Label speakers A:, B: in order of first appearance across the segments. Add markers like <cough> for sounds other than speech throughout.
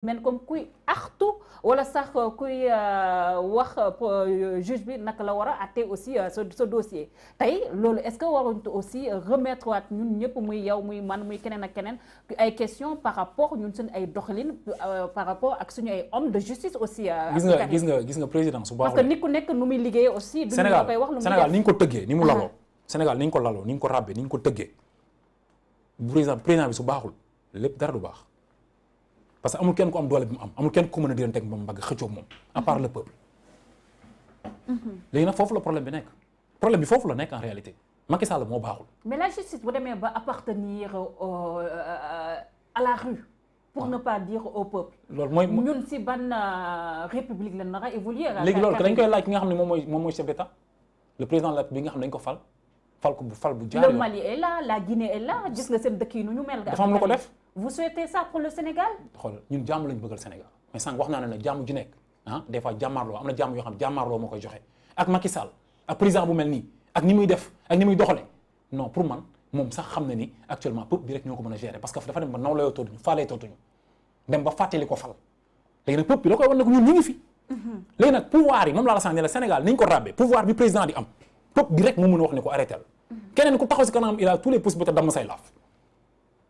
A: mel comme kuy axtu wala sax euh, kuy euh, wax euh, juge bi nak la war a àtte aussi sa sa dossier tey loolu est-ce que waruñu aussi remettre waat ñun ñëpp muy yow muy man muy keneen ak keneen ay question par rapport ñun suñu ay doxalin par rapport ak suñu ay homme de justice aussi. gis nga
B: gis nga président su baax parce que
A: ku nekk nu muy liggéeyee aussi. du wax lu muy Sénégal ni
B: ko tëggee ni mu laloo. Sénégal ni ko laloo ni ñu ko ràbbee ni ñu ko tëggee président su baaxul lépp dara du baax. parce que amul kenn ku am doole bi mu am amul kenn ku mën a diran teg moom mbagg xëccoo moom à part le peuple mm-hmm. léegi nag foofu la problème bi nekk problème bi foofu la nekk en réalité Macky Sall moo baaxul
A: mais la justice bu demee ba appartenir euh, à la rue pour ah. ne pas dire au peuple
B: loolu mooy ñun
A: si ban euh, république la nar a évoluer léegi loolu dañ koy
B: laaj ki nga xam ne moom mooy moom mooy chef d'état le président la bi nga xam ne dañ ko fal fal ko bu fal bu jaar le Mali
A: est là la Guinée est là gis nga seen dëkk yi nu ñu mel dafa am lu ko def vous souhaitez ça pour le Sénégal.
B: xool ñun jàmm lañ bëggal Sénégal mais sànq wax na ne ne jàmm ju nekk ah des fois jàmmaarloo am na jàmm yoo xam jàmmaarloo moo koy joxe ak Macky Sall ak président bu mel nii ak ni muy def ak ni muy doxale non pour man moom sax xam na ni actuellement peuple bi rek ñoo ko mën a gérer parce que dafa dem ba naw layoo tootuñu faalee tootuñu dem ba fàttali ko fal léegi nag peuple ko ñun ñu ngi fi mm-hmm. léegi la sànq wax ne ko arrêté la mm-hmm. keneen ku taxaw kanam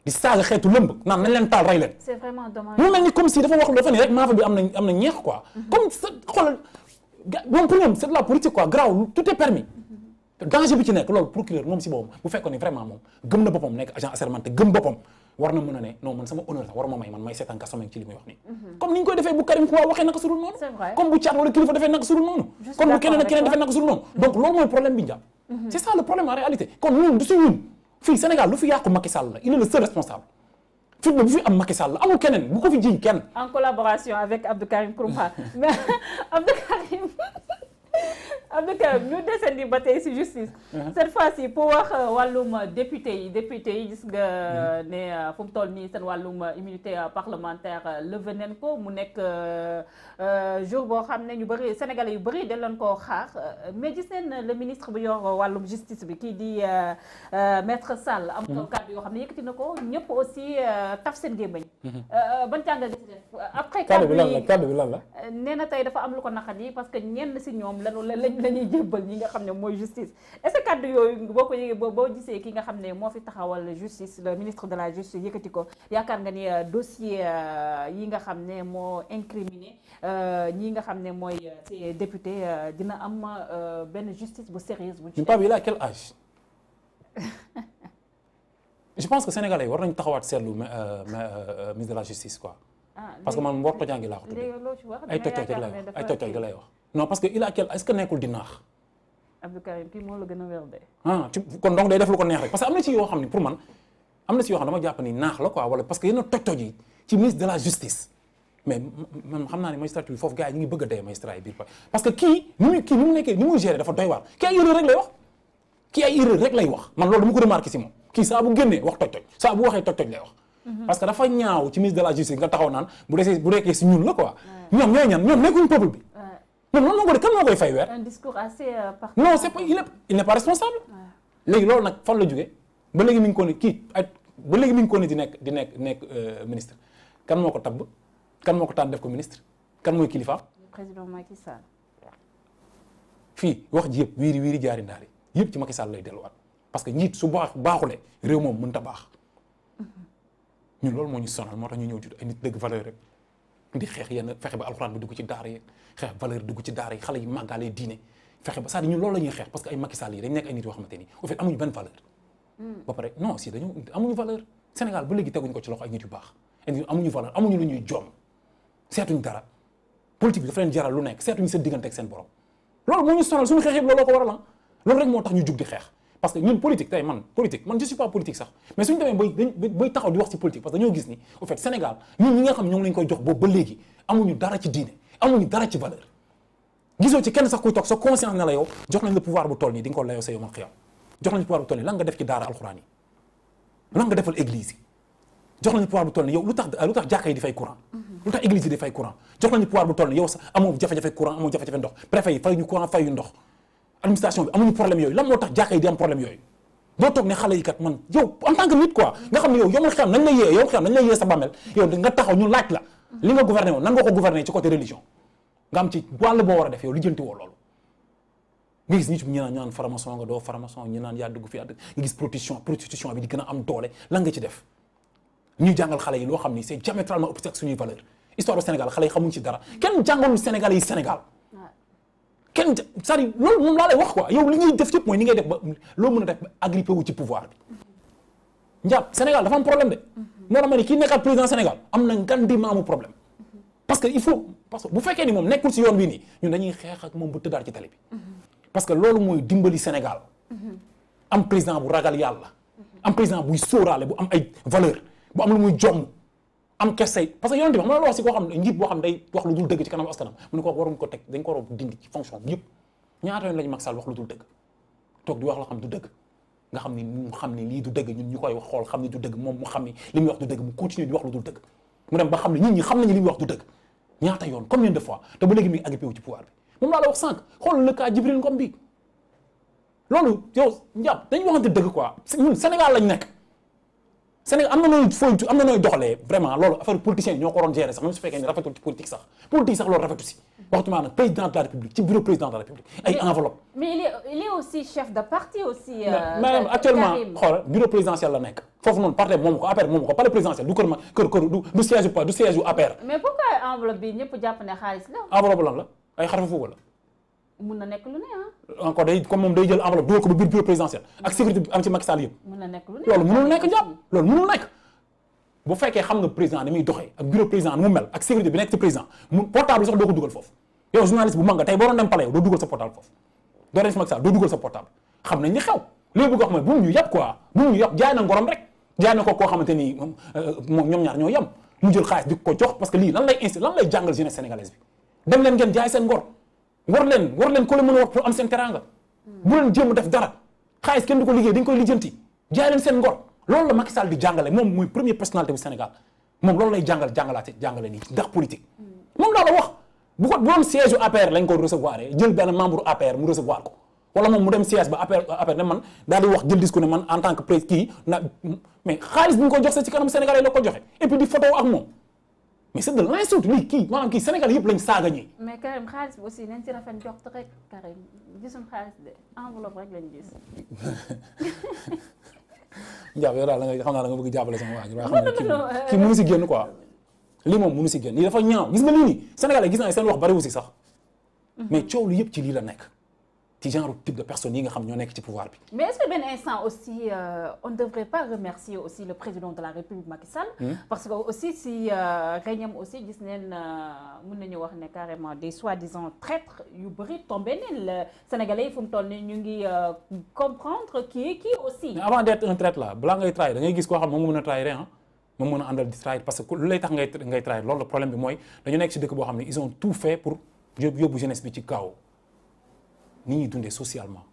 B: di saaga xeetu lëmb naan nañ leen taal rey mu mel comme si dafa wax dafa ni rek maafa bi am na am na ñeex quoi. Mhm. comme sa xoolal ga moom pour ñoom c'est de la politique quoi grave tout est permis. Mhm. danger bi ci nekk loolu procureur moom si boppam bu fekkoon ni vraiment moom gëm na boppam nekk agent assermenté gëm boppam war na mën a ne non man sama honneur sax war ma may man may seetaan kaso ci li mhm. ni comme bu Thiat wala bu keneen ak keneen fii Sénégal lu fi yàqu Macky Sall la il est le seul responsable fitna bu fi am Macky Sall la amul keneen bu ko fi jiñ kenn.
A: en collaboration avec Abdou Karim Kourouma <laughs> mais Abdou Karim. Abdou Karim ñu desandi ba tey si justice. Uh-huh. cette fois ci pour wax euh, wàllum euh, député yi député yi gis nga uh-huh. ne euh, fu mu toll nii seen wàllum immunité parlementaire levé nañ ko mu nekk jour boo xam ne ñu bëri sénégalais yu bëri dañ leen ko xaar mais gis ne le ministre bu yor wàllum justice bi kii di maître Sall. am na uh-huh. kàddu yoo xam ne yëkkati na ko ñëpp aussi taf seen gémmañ. ban jàngat gis après kàddu bi lan la lan la. lañu lañ. dañuy jébbal ñi nga xam ne mooy justice est-ce que kàddu yooyu boo ko yëgee boo gisee ki nga xam ne moo fi taxawal justice le ministre de la justice yëkkati ko yaakaar nga ni euh, dossier euh, yi nga xam ne moo incriminé euh, ñi nga xam ne mooy ces députés dina am benn justice bu sérieuse bu ci
B: Pape il a quel âge je pense que sénégalais war nañu taxawaat seetlu ministre de la justice quoi ah, parce que man mboor tojaangi laa ko tudd ay toj toj rek lay wax ay toj toj lay wax non parce que il a quel est ce que nekkul di naax.
A: a wér
B: ah, kon donc day def lu ko neex rek parce que am na ci yoo xam ne pour man am na ci yoo xam dama jàpp ni naax la quoi wala parce parce que kii ni mu nekkee ni muy gérer dafa doy waar kii ay erreur rek lay wax kii ay erreur rek lay wax man loolu dama ko remarqué si moom kii saa génnee wax toj-toj saa waxee toj-toj lay wax. Mhm. parce que dafa ñaaw ci ministre de la justice nga taxaw naan bu desee bu nekkee si ñun la quoi. moom lan fay weer.
A: un discours assez euh, non c'est pas il est
B: il n'est loolu nag fan la jógee ba léegi mi ngi ko ne kii ak ba léegi mi ko ne di nekk di nekk nekk euh, ministre kan moo ko tab kan moo ko tànn def ko ministre kan mooy kilifa.
A: président Macky Sall.
B: fii wax ji yëpp wiiri wiiri jaari ndaari yëpp ci Macky Sall lay delluwaat parce que njiit su baax baaxulee réew moom mënut a baax
A: <laughs>
B: ñun loolu moo ñu sonal moo tax ñu ñëw jot ay nit dëgg valeur rek. di xeex yenn fexe ba alxuraan bi dugg ci daara yi xeex valeur dugg ci daara yi xale yi màggaale diine fexe ba c'est-à-dire loolu la xeex parce que ay Macky yi dañ nekk hmm. amuñu valeur Sénégal ba léegi teguñu ko ci loxo ay nit yu baax ay nit amuñu valeur amuñu lu ñuy joom dara politique bi da leen jaral lu nekk seetuñu seen diggante seen borom loolu moo ñu sonal suñu xeex yëpp looloo ko waral ah. loolu rek moo tax ñu jug di xeex parce que ñun politique tey man politique man je suis pas politique sax mais suñu demee bay bay taxaw di wax ci politique parce que dañoo gis ni au fait Sénégal ñun ñi nga xam ñoom lañ koy jox boobu ba léegi amuñu dara ci diine amuñu dara ci valeur gisoo ci kenn sax kuy toog sa conscience ne yow jox nañ pouvoir bu toll nii di nga ko layoo sa yow man xiyam jox nañ pouvoir bu toll nii lan nga def ci daara alxuraan yi lan nga defal église yi jox nañu pouvoir bu toll nii yow lu tax jàkka yi di fay administration bi amuñu problème yooyu lan moo tax jàkka yi di am problème yooyu doo toog ne xale yi kat man yow en tant que nit quoi nga xam ne yow yomal xam nañ lay yee yow xam nañ nga taxaw ñu a def yow woo loolu nga gis nit ñi naan ñu naan farmason nga naan yaa dugg fi àdd nga gis prostitution prostitution bi di gën a am doole lan nga ci jàngal xale yi loo xam ni c'est diamétralement opposé ak suñuy valeur histoire du xale yi xamuñ ci dara kenn jàngalul Sénégal yi Sénégal kenn c'est-à-dire loolu moom laa lay wax quoi yow li ñuy def yëpp mooy ni ngay def ba loo def ba agrippé wu ci pouvoir bi njaab Sénégal dafa am problème de moo tax ma ne kii nekkaat président Sénégal am na ngan di maamu problème parce que il faut parce que bu fekkee ni moom nekkul si yoon bii nii ñun dañuy xeex ak moom bu tëddaat ci tali bi parce que loolu mooy dimbali Sénégal am président bu ragal yàlla am président buy sóoraale bu am ay valeur bu am lu muy jomm am kersay parce que yonent bi xam nga xam ne njiit xam ne day yoon lañu Macky di dëgg nga xam mu xam ni ñu koy wax xool xam ni du dëgg moom mu wax du dëgg mu continuer di wax lu dul dëgg mu dem ba xam ne nit wax dëgg ñaata yoon la wax Ngom bi loolu yow njàpp dañu waxante dëgg quoi ñun Sénégal lañ nekk Sénégal am na nooy fooy am na nooy doxalee vraiment loolu affaire politicien ñoo ko waroon gérer sax même su fekkee ne rafetul ci sax politique sax loolu rafetu si waxtu maa nag président de la république ci bureau président de la république ay enveloppe
A: mais il est aussi chef de parti aussi. Euh, maanaam actuellement
B: bureau présidentiel la nekk foofu noonu parti moomu ko APR moomu ko palais présidentiel du kër ma kër kër du du siège du siège
A: mais pourquoi enveloppe bi ñëpp jàpp
B: la.
A: mun na nekk lu ne ah.
B: encore day comme moom day jël enveloppe dugal ko ba biir bureau présidentiel ak sécurité bi am ci Macky
A: na nekk lu ne
B: loolu nekk bu fekkee xam nga président ni muy doxee ak bureau président nu mu mel ak sécurité bi nekk ci président mu portable sax doo ko dugal foofu yow journaliste bu mag nga tey boo dem palais yow doo dugal sa portable foofu doo dem ci Macky doo dugal sa portable xam nañ ni xew li bëgg a wax mooy bu mu ñu yàpp quoi bu mu ñu yàpp jaay na ngorom rek jaay na ko koo xamante ni euh, moom ñoom ñaar ñoo yem mu jël xaalis di ko jox parce que lii lan lay insi lan lay jàngal jeunesse sénégalaise jaay seen ngor war leen war leen ko la mën a war pour am seen teranga bu leen jéem def dara xaalis kenn du ko liggéey dañ koy lijjanti jaay seen ngor loolu la Macky di jàngale moom muy premier personnalité bu Sénégal moom loolu lay jàngal jàngalaate jàngale nii ndax politique moom daa la wax bu ko bu doon siège u APR lañ ko recevoir jël benn membre APR mu recevoir ko wala moom mu dem siège ba APR APR ne man daal di wax jël discours man en tant que prés ko jox sa kanam Sénégalais la ko joxe et puis mais c'est de l'insulte lii kii maanaam kii Sénégal yëpp lañ saaga ñi.
A: mais Karim xaalis bi aussi nañ ci rafet jox rek Karim gisum xaalis de enveloppe rek lañ gis.
B: Ndiaye <laughs> yow daal da nga xam naa da nga bëgg jàppale sama waa ji. waaye xam
A: nga <laughs> kii mënu si
B: génn quoi. lii moom mënu si génn lii dafa ñaaw gis nga lii nii Sénégal gis naa seen wax bariwu si sax. Mm-hmm. mais coow lu yëpp ci lii la nekk. ci genre type de personnes yi nga xam ñoo nekk ci pouvoir bi.
A: mais est-ce que benn instant aussi euh, on ne devrait pas remercier aussi le président de la République Macky Sall. Hmm? parce que aussi si euh, régnam aussi gis neen euh, wax ne carrément de soi-disant traîtres yu bëri tombé neen Sénégalais yi fu mu toll nii ñu ngi comprendre qui est qui aussi. mais avant
B: d'être un traître là balaa ngay trahir ngay gis koo xam moom moo mën a trahir ah. moom parce que lu lay jeunesse ni ñuy dundee socialement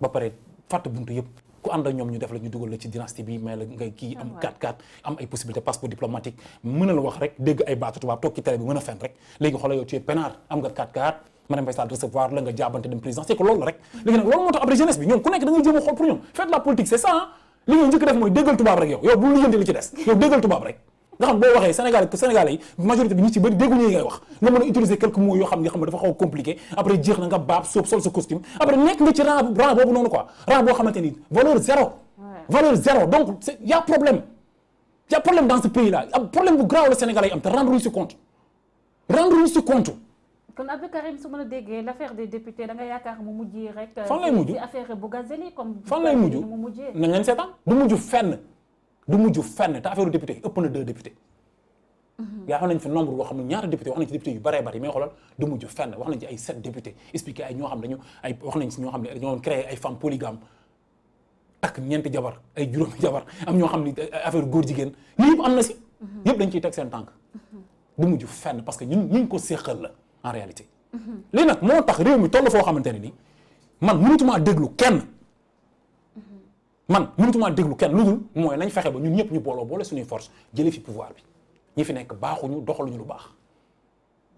B: ba pare fàtte buntu yëpp ku ànd ak ñoom ñu def la ñu dugal ci dynastie bi may la ngay kii am 4-4 ah, am ay possibilité passeport diplomatique mën wax rek dégg ay baatu tubaab toog ci télé bi mën fen rek léegi xoolal yow tu es am nga 4-4 madame Faye recevoir la nga jaabante dem président c'est que loolu la rek mm-hmm. léegi nag loolu moo tax après jeunesse bi ñoom ku nekk da ngay jéem a xool pour ñoom la politique c'est nga xam boo waxee Sénégal Sénégalais yi majorité bi ñu ci bëri dégguñu ngay wax nga mën a utiliser quelques mots yoo xam ne xam dafa xaw compliqué après jeex na nga baab soob sol sa costume après nekk nga ci rang rang noonu quoi rang boo xamante ni valeur zéro valeur zéro donc c'est y a problème y a problème dans ce pays là ab problème bu grave la Sénégalais am te rendre ñu compte rendre ñu compte
A: su ma la déggee l' affaire des députés fan lay euh, mujj ci affaire Bougazelli comme fan lay mujj mu mujjee nañ
B: du mujj fenn du mujj fenn te affaire député ëpp na deux députés. yaa xam nañ fi nombre boo xam ne ñaata député wax nañ ci député yu baree bari mais xoolal du mujj fenn wax nañ ci ay sept député expliqué ay ñoo xam ne dañoo créé ay femmes am jigéen yëpp am na si. yëpp dañ ciy teg seen tànk. du mujj fenn parce que ñun ñu ko séqal la en réalité. lii nag moo tax réew mi toll foo xamante ne ni man mënutuma lu kenn. man mënutuma déglu kenn lu dul mooy nañ fexe ba ñun ñëpp ñu booloo boole suñuy force jëlee fi pouvoir bi ñi fi nekk baaxuñu doxaluñu lu baax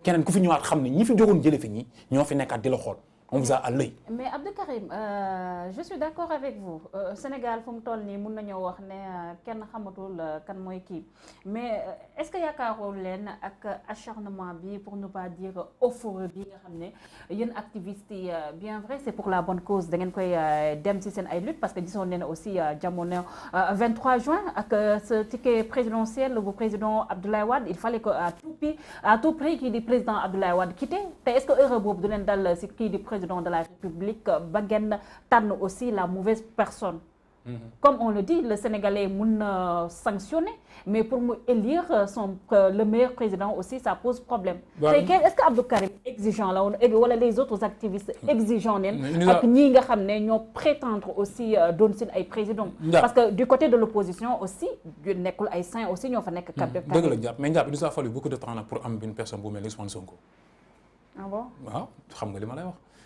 B: keneen ku fi ñëwaat xam ne ñi fi jógoon jëlee fi ñi ñoo fi nekkaat di la xool on vous a à l'œil.
A: mais Abdou Karim euh, je suis d' accord avec vous euh, Sénégal fu mu toll nii mun nañoo wax ne euh, kenn xamatul euh, kan mooy kii mais euh, est ce que yaakaaroo leen ak acharnement bi pour ne pas dire euphorie bi nga xam ne yéen activiste yi bien vrai c' est pour la bonne cause da ngeen koy dem si seen ay lutte parce que gisoon leen aussi jamono 23 juin ak ce ticket présidentiel bu président Abdoulaye Wade il fallait que à tout prix à tout prix kii di président Abdoulaye Wade quitte te est ce que heure boobu du leen dal si kii di président de la République euh, ba ngeen tànn aussi la mauvaise personne. comme on le dit le sénégalais mun na sanctionner mais pour mu élire son euh, le meilleur président aussi ça pose problème. tey kenn est-ce que Abdou Karim exigeant la woon wala les autres activistes hmm. exigeant neen ak ñii nga xam ne ñoo prétendre aussi euh, doon seen ay président parce que du côté de l'opposition aussi nekkul ay saints aussi ñoo fa nekk. cap de Karim
B: dëgg la pour am une personne bu mel ni Ousmane Sonko. ah bon waaw xam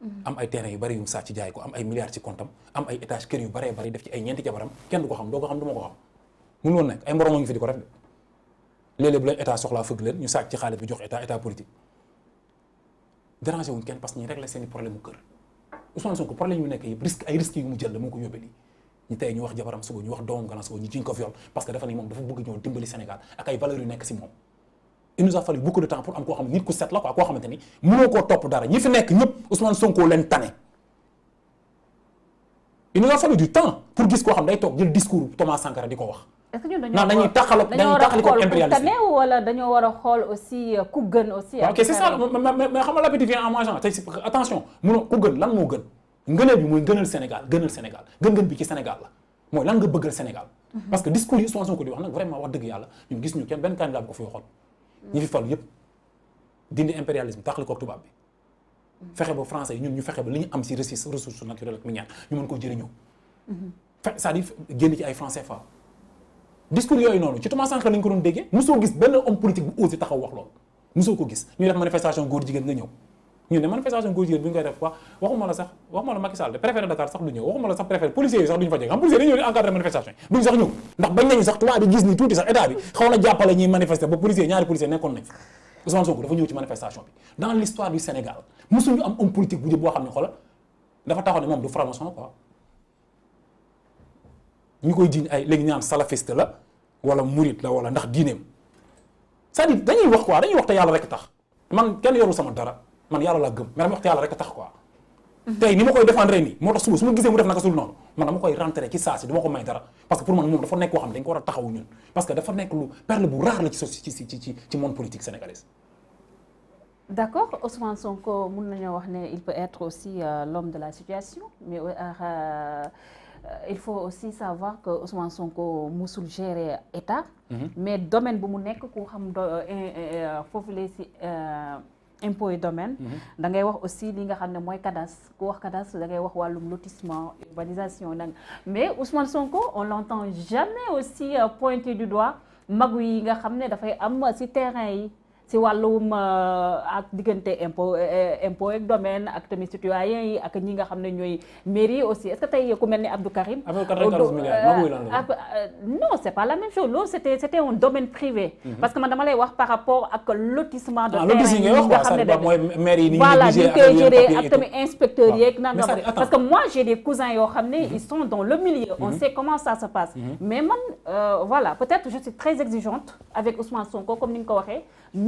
B: am ay terrain yu bari yu mu sàcc jaay ko am ay milliards ci compte am am ay étage kër yu baree bari def ci ay ñeenti jabaram kenn du ko xam doo ko xam du ma ko xam mun woon ñu sàcc ci bi jox état état politique dérangé wuñ kenn i la moo ko parce que dafa ne moom dafa bëgg ñëw dimbali Sénégal ak ay valeurs yu nekk si moom il nous a fallu beaucoup de temps pour am koo xam nit ku set la quoi koo xamante ni mënoo tane. il nous a fallu du temps pour gis koo xam day toog jël discours Thomas Sankara di ko wax.
A: est-ce que ñun dañoo dañuy taxal dañuy ko impérialisme wala dañoo war a xool aussi ku gën
B: attention munoo ku gën lan moo gën ngëneel bi mooy ngënal Sénégal gënal Sénégal gën-gën bi ci Sénégal la mooy lan nga bëggal Sénégal. Mhm. parce que discours yi Ousmane Sonko di wax nag vraiment wax dëgg yàlla ñun gis ñu kenn benn candidat bu ko fi waxoon ñi fi falu yëpp dindi impérialisme taxali ko tubaab bi fexe ba français yi ñun ñu fexe ba li ñu am si ressource naturelle ak minière ñu mën koo jëriñoo fe c'est-à-dire génn ci ay français fa discours yooyu noonu ci Thomas Sankara nañ ko doon déggee mosoo gis benn homme politique bu osé taxaw wax loolu mosoo ko gis ñuy def manifestation góor jigéen nga ñëw ñu ne manifestation góor jigéen bu ñu koy def wax waxuma la sax waxuma la Macky Sall de préfet de Dakar sax du ñëw waxuma la sax préfet policiers yi sax duñu fa jeg xam policiers dañu sax ndax bañ nañu sax tubaab bi gis ni tuuti sax état bi xaw na jàppale ñuy manifester ba policiers ñaari policiers nekkoon nañ Ousmane dafa ñëw ci manifestation bi dans l'histoire du Sénégal mosuñu am homme politique bu boo xam ne xoolal dafa taxaw ne moom du franc-maçon quoi ñu koy jiiñ ay léegi ñaan salafiste la wala murit la wala ndax diineem cest à wax quoi dañuy wax te yàlla rek tax man kenn yoru sama dara man yàlla laa gëm mais dama wax yàlla rek a tax quoi tey ni ma koy défendre nii moo tax suba su ma gisee mu def naka sul noonu man dama koy rentré ci saa si duma ko may dara parce que pour man moom dafa nekk koo xam ne a taxawu dafa la ci ne
A: il euh, de la situation mais euh, euh, euh, il faut aussi savoir que Ousmane Sonko musul gérer état. Mm -hmm. mais domaine bu mu nekk ku xam foofu la si. impôt et domaine. Mhm. da ngay wax aussi li nga xam ne mooy cadastre ku wax cadastre da ngay wax wàllum lotissement urbanisation nag mais Ousmane Sonko on l'entend jamais aussi euh, pointer du doigt magu yi nga xam ne dafay am si terrain yi. si wàllum euh, ak diggante impôt euh, impôt ak domaine ak tamit citoyen yi ak ñi nga xam ne ñooy mairie aussi est-ce que tey ku mel ni Abdou Karim. Euh, non c'est pas la même chose loolu c'était c'était un domaine privé. Mhm. parce que man dama lay wax par ak lotissement de ah, terrain yi nga xam ne da
B: voilà ñu koy géré ak tamit
A: inspecteurs yeeg nanga parce que xam ne mhm. ils sont dans le milieu on mhm. sait comment ça se passe mais man voilà peut-être je suis très exigeante avec Ousmane Sonko comme ni nga ko waxee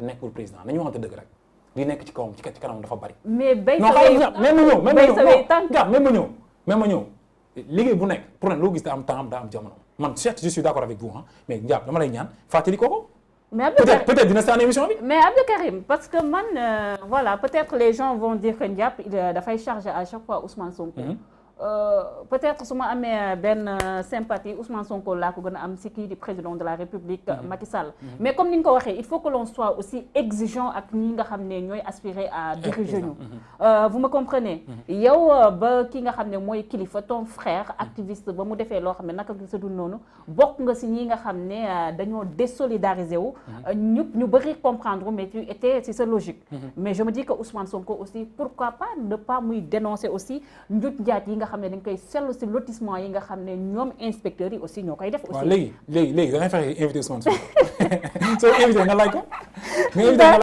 B: te nekkul président nañu waxante dëgg rek li nekk ci kawam ci kanam dafa bari.
A: mais bay sa wéy non xaaral même ma ñëw. bay sa wéy
B: tànk même ma ñëw même ma ñëw. liggéey bu nekk problème loo gis daa am temps daa am jamono man certes je suis d' accord avec vous ah mais Ndiaye dama lay ñaan fàttali kooku. mais Abdou Karim peut-être peut-être dina saan émission bi.
A: mais Abdou Karim parce que man euh, voilà peut-être les gens vont dire que Ndiaye euh, dafay chargé à chaque fois Ousmane Sonko. Mm -hmm. Euh, peut-être su ma amee benn sympathie Ousmane Sonko laa ko gën a am si kii di président de la République mhm. Macky Sall mhm. mais comme ni nga ko waxee il faut que l'on soit aussi exigeant ak ñi nga xam ne ñooy aspirer à diriger ñu mhm. euh, vous me comprenez yow euh, ba ki nga xam ne mooy kilifa ton frère activiste ba mu defee loo xam ne naka sa dul noonu bokk nga si ñi nga xam ne dañoo désolidariser wu ñu ñu bëri comprendre mais tu étais si sa logique mais je me dis que Ousmane xam ne dañ koy seetlu si xam ne ñoom inspecteurs yi ñoo koy def aussi léegi
B: léegi léegi da ngay fexe invité Ousmane Sonko <laughs> soo invité nga laaj